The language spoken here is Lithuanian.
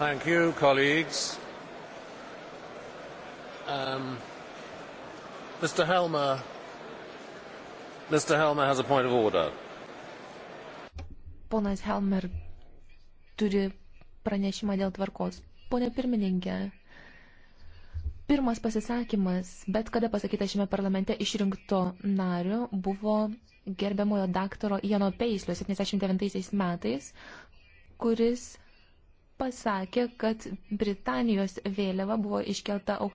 Thank you, colleagues. Um, Mr. Helmer, Mr. Helmer has a point of order. Ponas Helmer turi pranešimą dėl tvarkos. Pone pirmininkė, pirmas pasisakymas, bet kada pasakyta šiame parlamente išrinkto nario, buvo gerbiamojo daktaro Jano Peislio 79 metais, kuris pasakė, kad Britanijos vėliava buvo iškelta